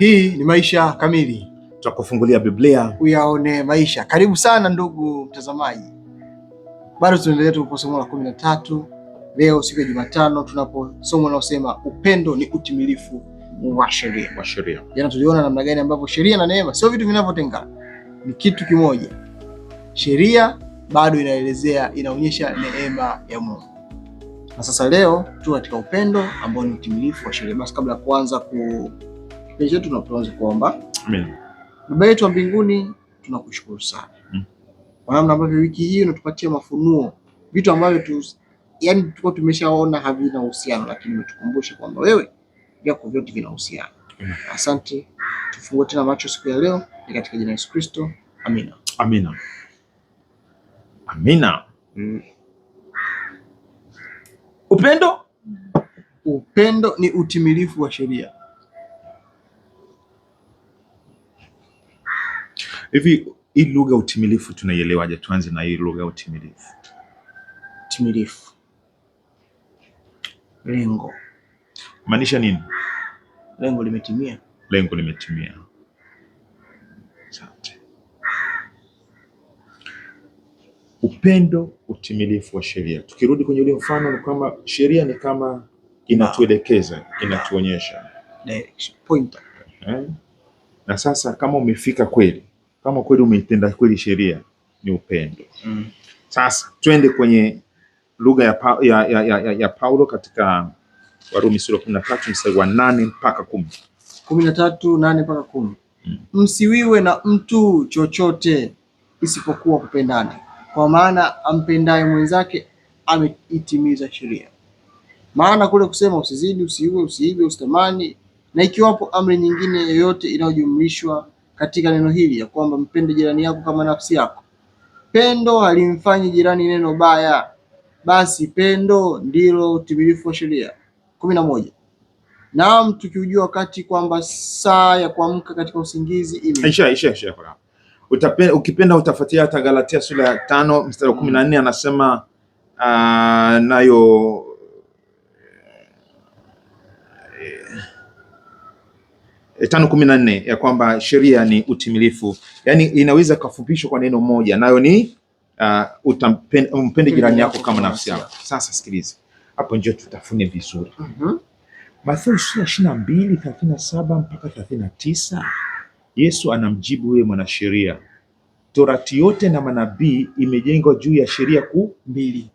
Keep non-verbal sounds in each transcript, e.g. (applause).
Hii ni Maisha Kamili, tutakufungulia Biblia uyaone maisha. Karibu sana ndugu mtazamaji, bado tunaendelea tupo somo la kumi na tatu leo siku ya Jumatano, tunapo somo linalosema upendo ni utimilifu wa sheria. Wa sheria. Jana tuliona namna gani ambavyo sheria na neema sio vitu vinavyotengana, ni kitu kimoja. Sheria bado inaelezea, inaonyesha neema ya Mungu. Na sasa leo tu katika upendo ambao ni utimilifu wa sheria. Basi kabla ya kuanza ku mapenzi yetu tunapoanza kuomba. Amen. Baba yetu wa mbinguni tunakushukuru sana mm. kwa namna ambavyo wiki hii unatupatia mafunuo, vitu ambavyo tu yani tulikuwa tumeshaona havina uhusiano, lakini umetukumbusha kwamba wewe vyako vyote vinahusiana. mm. Asante, tufungue tena macho siku ya leo, ni katika jina la Yesu Kristo, amina. Amina. Amina. Mm. Upendo, upendo ni utimilifu wa sheria. Hivi hii lugha utimilifu tunaielewaje? Tuanze na hii lugha utimilifu. Utimilifu, lengo maanisha nini? Lengo limetimia. Lengo limetimia. Asante. Upendo, utimilifu wa sheria. Tukirudi kwenye ule mfano, ni kwamba sheria ni kama inatuelekeza, inatuonyesha, eh, pointer. Eh? Na sasa kama umefika kweli kama kweli umeitenda kweli sheria ni upendo. Mm. Sasa twende kwenye lugha ya, pa, ya, ya, ya, ya Paulo katika Warumi sura kumi na tatu mstari wa nane mpaka kumi. Kumi na tatu nane mpaka kumi. Mm. Msiwiwe na mtu chochote isipokuwa kupendana, kwa maana ampendaye mwenzake ameitimiza sheria. Maana kule kusema usizidi, usiue, usiibe, usitamani na ikiwapo amri nyingine yoyote inayojumlishwa katika neno hili ya kwamba mpende jirani yako kama nafsi yako. Pendo halimfanyi jirani neno baya, basi pendo ndilo utimilifu wa sheria. kumi na moja. Naam, tukiujua wakati kwamba saa ya kuamka katika usingizi ili ukipenda utafuatia hata Galatia sura ya tano mstari wa kumi na nne anasema uh, nayo Eh, tano kumi na nne ya kwamba sheria ni utimilifu, yaani inaweza kufupishwa kwa neno moja, nayo ni uh, ah, mpende jirani yako kama nafsi yako. Sasa sikilize hapo, ndio tutafune vizuri uh-huh. Mathayo ishirini na mbili thelathini na saba mpaka thelathini na tisa Yesu anamjibu huye mwanasheria, torati yote na manabii imejengwa juu ya sheria kuu mbili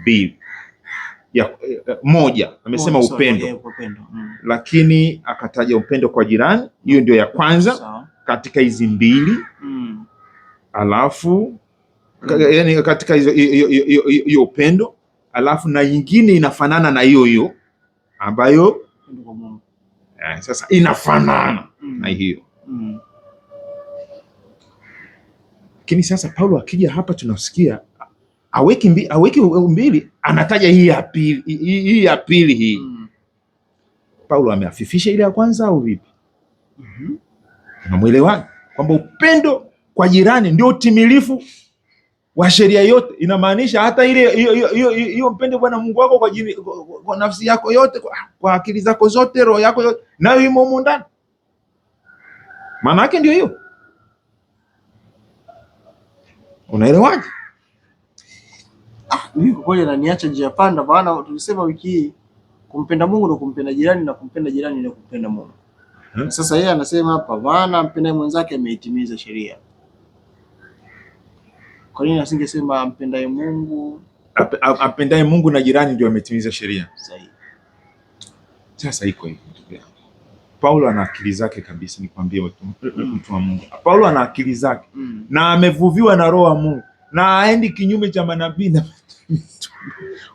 mbili ya, eh, moja amesema oh, upendo sorry, upendo mm. Lakini akataja upendo kwa jirani hiyo mm. ndio ya kwanza so. katika hizi mbili mm. alafu mm. yani katika hiyo upendo alafu na nyingine inafanana na hiyo hiyo ambayo eh, sasa inafanana mm. na hiyo mm. lakini sasa Paulo akija hapa tunasikia aweki mbi, aweki mbili anataja hii ya pili hii, hii ya pili hii mm. Paulo ameafifisha ile ya kwanza au vipi? mm -hmm. Namwelewani kwamba upendo kwa jirani ndio utimilifu wa sheria yote, inamaanisha hata ile hiyo mpende Bwana Mungu wako kwa, jini, kwa, kwa nafsi yako yote kwa, kwa akili zako zote roho yako yote nayo imo humo ndani, maana yake ndio hiyo. Unaelewaje? ah, mimi kwa kweli ananiacha njia panda, maana tulisema wiki hii kumpenda Mungu na kumpenda jirani na kumpenda jirani na kumpenda Mungu. Hmm. Sasa yeye anasema hapa maana mpendaye mwenzake ameitimiza sheria. Kwa nini asingesema mpendaye Mungu? Ampendaye Mungu na jirani ndio ametimiza sheria. Sahihi. Sasa iko hivi ndugu yangu. Paulo ana akili zake kabisa, nikwambie watu, mtu wa Mungu. Paulo ana akili zake hmm. na amevuviwa na roho ya Mungu na aendi kinyume cha manabii na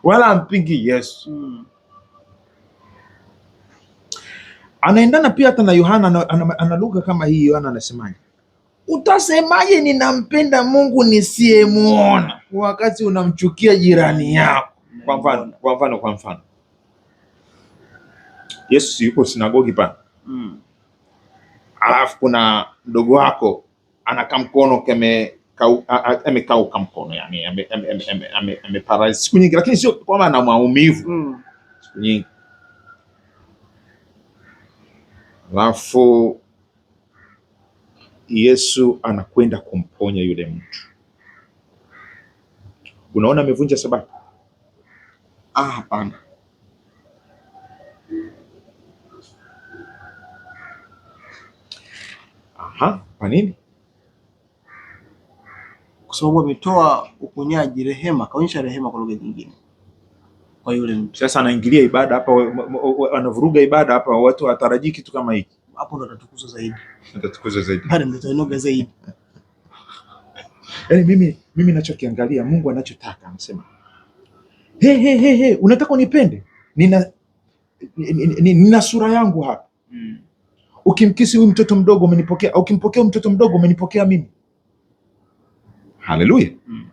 wala ampingi Yesu hmm. Anaendana pia hata na Yohana ana lugha kama hii. Yohana anasemaje? Utasemaje ninampenda Mungu nisiyemuona wakati unamchukia jirani yako? Kwa mfano, kwa mfano, kwa mfano, Yesu yuko sinagogi pa hmm. Alafu kuna mdogo wako anakaa mkono keme amekauka mkono yani ame siku nyingi, lakini sio kwamba ana maumivu mm. siku nyingi alafu Yesu anakwenda kumponya yule mtu. Unaona amevunja sabato? Ah, hapana. Aha, kwa nini? kwa sababu ametoa uponyaji, rehema, kaonyesha rehema kwa lugha nyingine kwa yule mtu. Sasa anaingilia ibada hapa, anavuruga ibada hapa, watu watarajii kitu kama hiki. Hapo ndo atatukuzwa zaidi, atatukuzwa zaidi, bado ndo atanoga zaidi. (laughs) Yaani mimi mimi nachokiangalia Mungu anachotaka anasema, he he he he, unataka unipende? Nina nina sura yangu hapa. Hmm. Ukimkisi huyu mtoto mdogo umenipokea, ukimpokea mtoto mdogo umenipokea mimi Haleluya. Mm,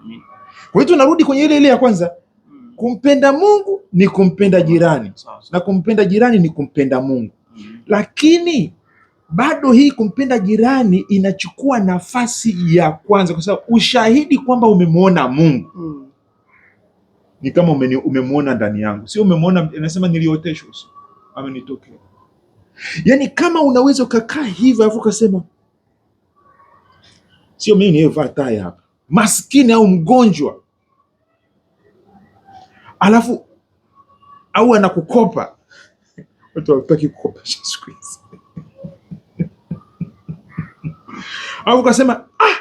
kwa hiyo tunarudi kwenye ile ile ya kwanza, mm. kumpenda Mungu ni kumpenda jirani na kumpenda jirani ni kumpenda Mungu, mm. lakini bado hii kumpenda jirani inachukua nafasi ya kwanza, kwa sababu ushahidi kwamba umemwona Mungu ni kama umemwona ndani yangu, sio umemwona. Anasema nilioteshwa, amenitokea. Yaani kama unaweza ukakaa hivyo alafu ukasema sio mimi niyevaa tai hapa maskini au mgonjwa, alafu au anakukopa. (laughs) Watu hawataki kukopesha siku hizi. Au ukasema ah,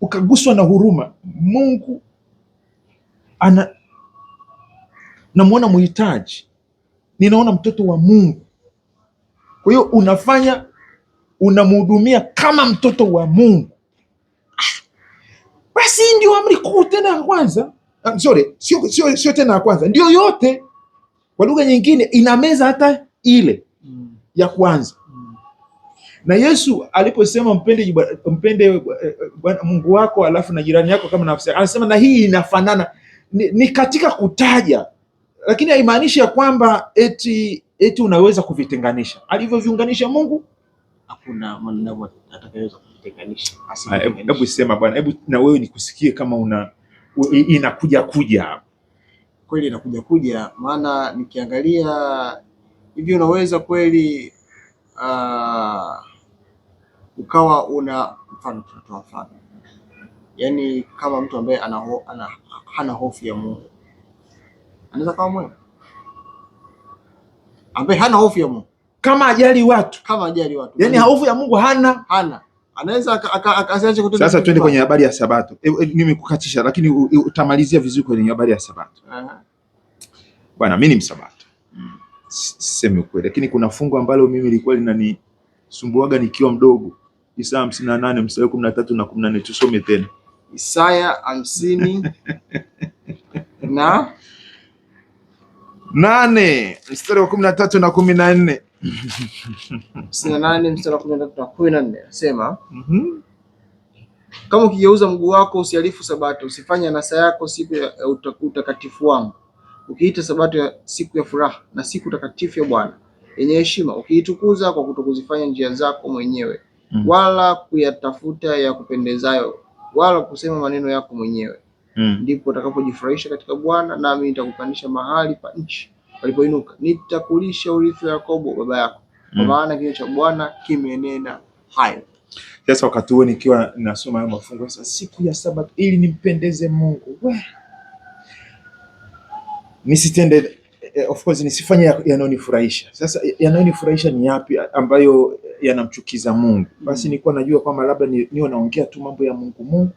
ukaguswa na huruma. Mungu ana namwona muhitaji, ninaona mtoto wa Mungu. Kwa hiyo unafanya unamhudumia kama mtoto wa Mungu basi ndio amri kuu tena ya kwanza. I'm ah, sorry, sio sio sio tena ya kwanza, ndio yote. Kwa lugha nyingine inameza hata ile mm. ya kwanza mm. na Yesu aliposema mpende, mpende eh, eh, Mungu wako alafu na jirani yako kama nafsi yako, anasema na hii inafanana ni, ni katika kutaja, lakini haimaanishi ya kwamba eti eti unaweza kuvitenganisha. Alivyoviunganisha Mungu hakuna mwanadamu atakayeweza asitenganishe. Hebu sema bwana, hebu na wewe nikusikie kama una inakuja kuja kweli, inakuja kuja, maana nikiangalia hivi unaweza kweli uh, ukawa una mfano, tunatoa mfano yaani kama mtu ambaye ana, ana, hana hofu ya Mungu anaweza kawa mwema, ambaye hana hofu ya Mungu kama ajali watu, kama ajali watu, yaani, yaani hofu ya Mungu hana hana anaweza akasiache kutenda. Sasa twende kwenye habari ya Sabato. E, e, nimekukatisha lakini utamalizia vizuri kwenye habari ya Sabato. Bwana mimi ni msabato. Mm. Sisemi ukweli lakini kuna fungu ambalo mimi ilikuwa linanisumbuaga nikiwa mdogo. Isaya hamsini na nane mstari kumi na tatu na kumi na nne tusome tena. Isaya hamsini na nane mstari wa kumi na tatu na kumi na nne (laughs) hamsini na nane mstari wa kumi na tatu na kumi na nne nasema mm -hmm. Kama ukigeuza mguu wako usialifu Sabato, usifanye anasa yako siku ya utakatifu wangu, ukiita Sabato ya siku ya furaha na siku takatifu ya Bwana yenye heshima, ukiitukuza kwa kutokuzifanya njia zako mwenyewe mm -hmm. wala kuyatafuta ya kupendezayo wala kusema maneno yako mwenyewe mm -hmm. ndipo utakapojifurahisha katika Bwana, nami nitakupandisha mahali pa nchi walipoinuka, nitakulisha urithi wa Yakobo baba yako, kwa mm. maana mm. kinywa cha Bwana kimenena hayo. Sasa wakati huo nikiwa nasoma hayo mafungu, sasa siku ya Sabato ili nimpendeze Mungu, we nisitende eh, of course nisifanye yanayonifurahisha. Sasa yanayonifurahisha ni yapi ambayo yanamchukiza Mungu? Basi mm. nilikuwa najua kwamba labda niwe naongea tu mambo ya Mungu Mungu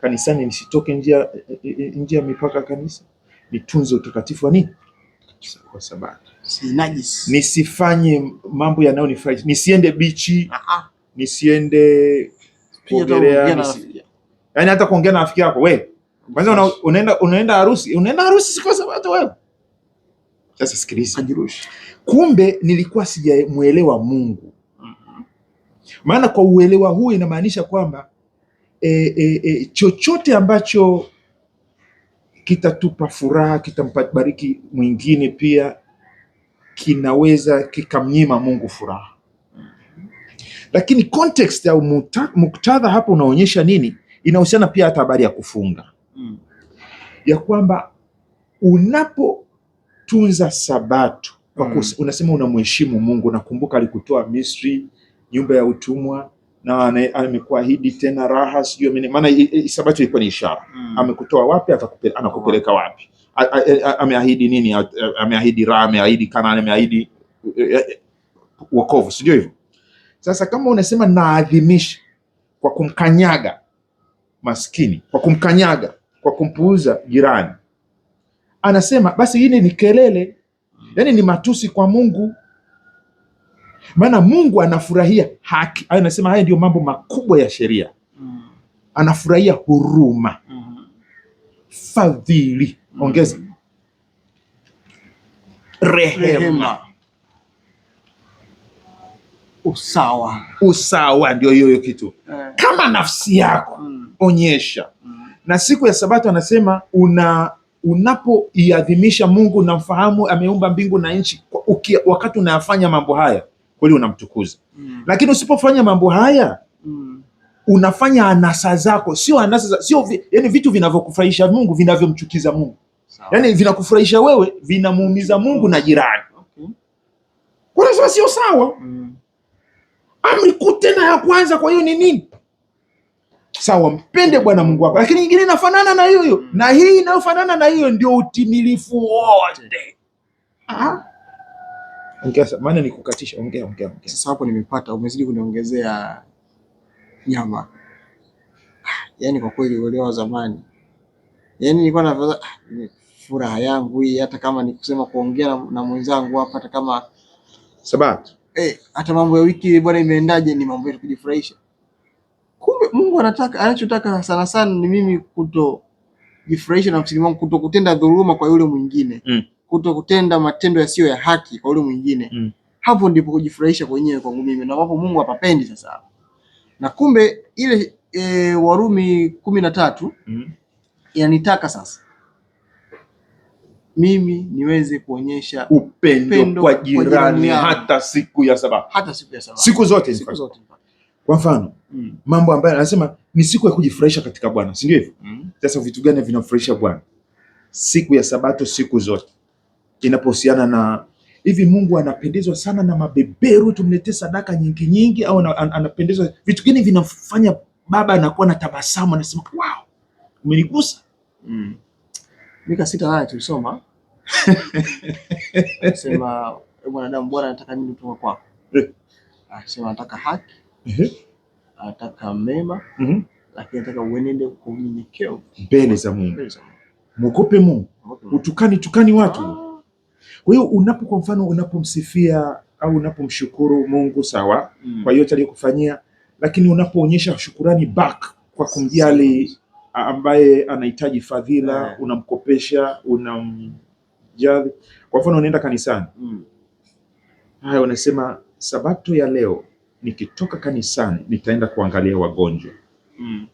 kanisani, nisitoke njia eh, eh, njia mipaka kanisa, nitunze utakatifu wa nini kwa sabato si najis. nisifanye mambo yanayonifurahisha, nisiende bichi, ah, ah. nisiende kuogelea, nisi... yaani hata kuongea na rafiki yako wewe kwanza una, unaenda unaenda harusi unaenda harusi kwa ya sabato wewe. Sasa sikiliza, kumbe nilikuwa sijamuelewa Mungu. Mm-hmm. Maana kwa uelewa huu inamaanisha kwamba e, e, e, chochote ambacho kitatupa furaha, kitambariki mwingine pia, kinaweza kikamnyima Mungu furaha. Lakini context au muktadha hapo unaonyesha nini? Inahusiana pia hata habari ya kufunga mm. ya kwamba unapotunza Sabato mm. unasema unamheshimu Mungu, nakumbuka alikutoa Misri, nyumba ya utumwa na amekuahidi tena raha, sijui maana Sabato ilikuwa ni ishara mm. amekutoa wapi atakupeleka, anakupeleka wapi? Ameahidi nini? Ameahidi raha, ameahidi Kanaani, ameahidi e, e, wokovu, sijui hivyo. Sasa kama unasema naadhimisha kwa kumkanyaga maskini, kwa kumkanyaga, kwa kumpuuza jirani, anasema basi hili ni kelele, mm. yani ni matusi kwa Mungu maana Mungu anafurahia haki. Hayo anasema haya ndio mambo makubwa ya sheria. Mm. Anafurahia huruma, mm. fadhili, mm. ongeza rehema, usawa. Usawa ndio hiyo hiyo kitu eh. kama nafsi yako, onyesha. Na siku ya Sabato anasema una unapoiadhimisha Mungu, mfahamu ameumba mbingu na nchi, wakati unayafanya mambo haya kweli unamtukuza mm. Lakini usipofanya mambo haya mm. unafanya anasa zako, sio anasa za, sio yani vitu vinavyokufurahisha Mungu vinavyomchukiza Mungu Sao. Yani vinakufurahisha wewe vinamuumiza Mungu na jirani okay. sababu sio sawa mm. Amri kuu tena ya kwanza kwa hiyo ni nini? Sawa, mpende Bwana Mungu wako, lakini nyingine inafanana na hiyo mm. na hii inayofanana na hiyo ndio utimilifu wote. Mm. Ah? Ongea maana ni kukatisha. Ongea, ongea, ongea. Sasa hapo nimepata, umezidi kuniongezea nyama. Yaani kwa kweli ule wa zamani, yaani nilikuwa na furaha yangu hii, hata kama nikusema kuongea na, na mwenzangu hapa, hata kama sababu eh, hata mambo ya wiki bwana imeendaje, ni mambo ya kujifurahisha. Kumbe Mungu anataka, anachotaka sana sana ni mimi kutojifurahisha na msilimangu, kutokutenda dhuluma kwa yule mwingine mm kuto kutenda matendo yasiyo ya haki kwa yule mwingine mm. Hapo ndipo kujifurahisha kwenyewe kwangu mimi na wapo Mungu hapapendi sasa. Na kumbe ile e, Warumi kumi na tatu mm. yanitaka sasa mimi niweze kuonyesha upendo, upendo kwa jirani, kwa hata siku ya Sabato, hata siku ya Sabato, siku zote, siku zote. Kwa mfano mm. mambo ambayo anasema ni siku ya kujifurahisha katika Bwana, si ndio hivyo? Mm. Sasa mm. vitu gani vinafurahisha Bwana? Siku ya Sabato, siku zote inapohusiana na hivi, Mungu anapendezwa sana na mabeberu tumletee sadaka nyingi nyingi, au anapendezwa vitu gani vinafanya baba anakuwa na tabasamu, anasema wow, umenigusa mm. Mika sita haya tulisoma (laughs) sema ee mwanadamu, Bwana anataka nini kutoka kwako? Eh. Sema anataka haki, anataka mema, mhm. lakini anataka uenende kwa unyenyekevu mbele za Mungu. Mwogope Mungu, utukani tukani watu ah. Kwa hiyo unapo, kwa mfano, unapomsifia au unapomshukuru Mungu sawa, mm. kwa yote aliyokufanyia, lakini unapoonyesha shukurani back kwa kumjali ambaye anahitaji fadhila yeah. Unamkopesha, unamjali. Kwa mfano, unaenda kanisani mm. haya, unasema sabato ya leo nikitoka kanisani nitaenda kuangalia wagonjwa mm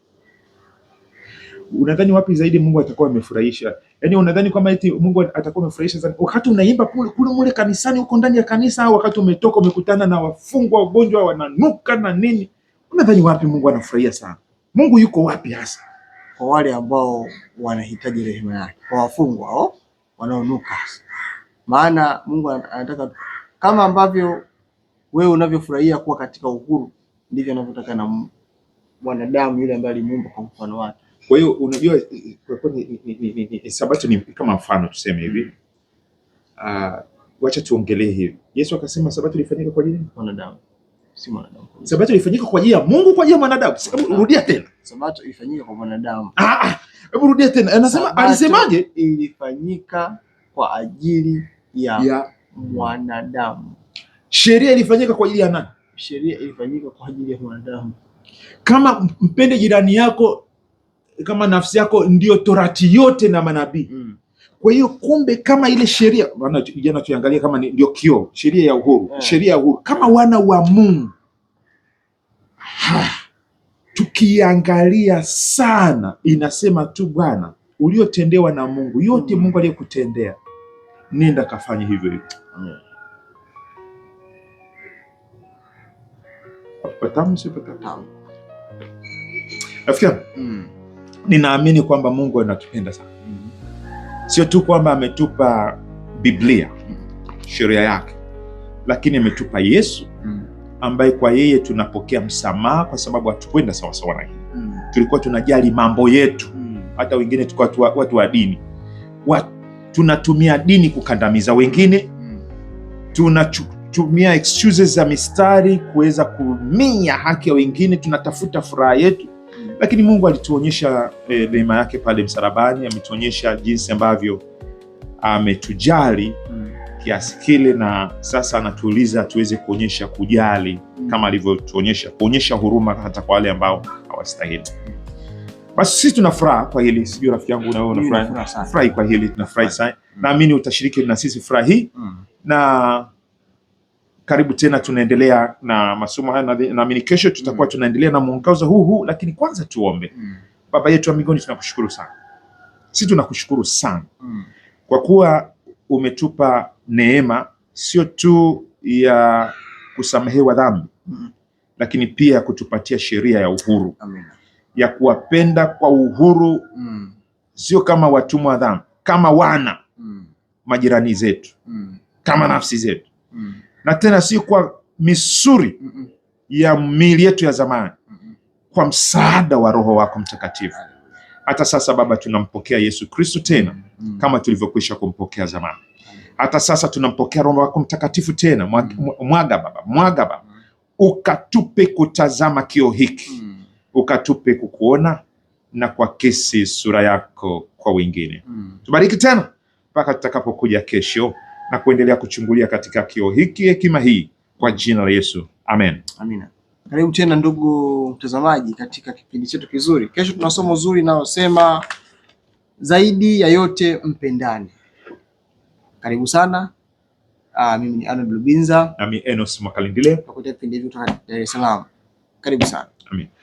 unadhani wapi zaidi Mungu atakuwa amefurahisha? Yaani unadhani kwamba eti Mungu atakuwa amefurahisha sana wakati unaimba kule kule mule kanisani huko ndani ya kanisa, au wakati umetoka umekutana na wafungwa, wagonjwa, wananuka na nini? Unadhani wapi Mungu anafurahia sana? Mungu yuko wapi hasa? Kwa wale ambao wanahitaji rehema yake, kwa wafungwa hao oh, wanaonuka. Maana Mungu anataka kama ambavyo wewe unavyofurahia kuwa katika uhuru, ndivyo anavyotaka na mwanadamu yule ambaye alimuumba kwa mfano wake. Kwa hiyo unajua eh, eh, kwa ni, sabato ni kama mfano tuseme hivi, mm-hmm. ah, wacha tuongelee hivi. Yesu akasema sabato ilifanyika kwa ajili ya mwanadamu, si mwanadamu. Sabato ilifanyika kwa ajili ya Mungu, kwa ajili ya mwanadamu. Rudia tena, sabato ilifanyika kwa mwanadamu. Ah, ah hebu rudia tena, anasema alisemaje? Ilifanyika kwa ajili ya, ya mwanadamu. Sheria ilifanyika kwa ajili ya nani? Sheria ilifanyika kwa ajili ya mwanadamu. Kama mpende jirani yako kama nafsi yako ndio torati yote na manabii mm. Kwa hiyo kumbe, kama ile sheria jana tuangalia kama ndio kio sheria ya uhuru yeah. Sheria ya uhuru kama wana wa Mungu tukiangalia sana inasema tu Bwana uliotendewa na Mungu yote mm. Mungu aliyekutendea nenda kafanye hivyo hivyo yeah. Patamu si patamu. Afikia? Mm ninaamini kwamba Mungu anatupenda sana, sio tu kwamba ametupa Biblia sheria yake, lakini ametupa Yesu ambaye kwa yeye tunapokea msamaha, kwa sababu hatukwenda sawasawa na yeye. Tulikuwa tunajali mambo yetu, hata wengine tulikuwa watu wa dini tunatumia dini kukandamiza wengine, tunatumia excuses za mistari kuweza kumia haki ya wengine, tunatafuta furaha yetu lakini Mungu alituonyesha eh, neema eh, yake pale msalabani, ametuonyesha jinsi ambavyo ametujali kiasi kile, na sasa anatuuliza tuweze kuonyesha kujali kama alivyotuonyesha kuonyesha huruma hata kwa wale ambao hawastahili. Basi sisi tuna furaha kwa hili, sijui rafiki yangu na wewe unafurahi? Furahi kwa hili, tunafurahi sana. Naamini utashiriki na sisi furaha hii mm. na karibu tena, tunaendelea na masomo haya, naamini kesho tutakuwa mm. tunaendelea na mwongozo huu huu, lakini kwanza tuombe. Mm. Baba yetu wa mbinguni, tunakushukuru sana, si tunakushukuru sana mm. kwa kuwa umetupa neema sio tu ya kusamehewa dhambi mm. lakini pia kutupatia sheria ya uhuru Amen. ya kuwapenda kwa uhuru mm. sio kama watumwa wa dhambi, kama wana mm. majirani zetu mm. kama nafsi zetu mm na tena si kwa misuri mm -mm. ya miili yetu ya zamani mm -mm. kwa msaada wa Roho wako Mtakatifu. Hata sasa Baba, tunampokea Yesu Kristo tena mm -mm. kama tulivyokwisha kumpokea zamani. Hata sasa tunampokea Roho wako Mtakatifu tena mwaga, Baba, mwaga Baba, ukatupe kutazama kio hiki mm. ukatupe kukuona na kuakisi sura yako kwa wengine mm. tubariki tena mpaka tutakapokuja kesho na kuendelea kuchungulia katika kio hiki hekima hii kwa jina la Yesu amen. Amina. Karibu tena ndugu mtazamaji katika kipindi chetu kizuri. Kesho tunasoma uzuri inayosema zaidi ya yote mpendane. Karibu sana. Ah, mimi ni Arnold Lubinza na mimi Enos Makalindile. Tunakuletea kipindi hiki kutoka Dar es Salaam. Karibu sana. Amen.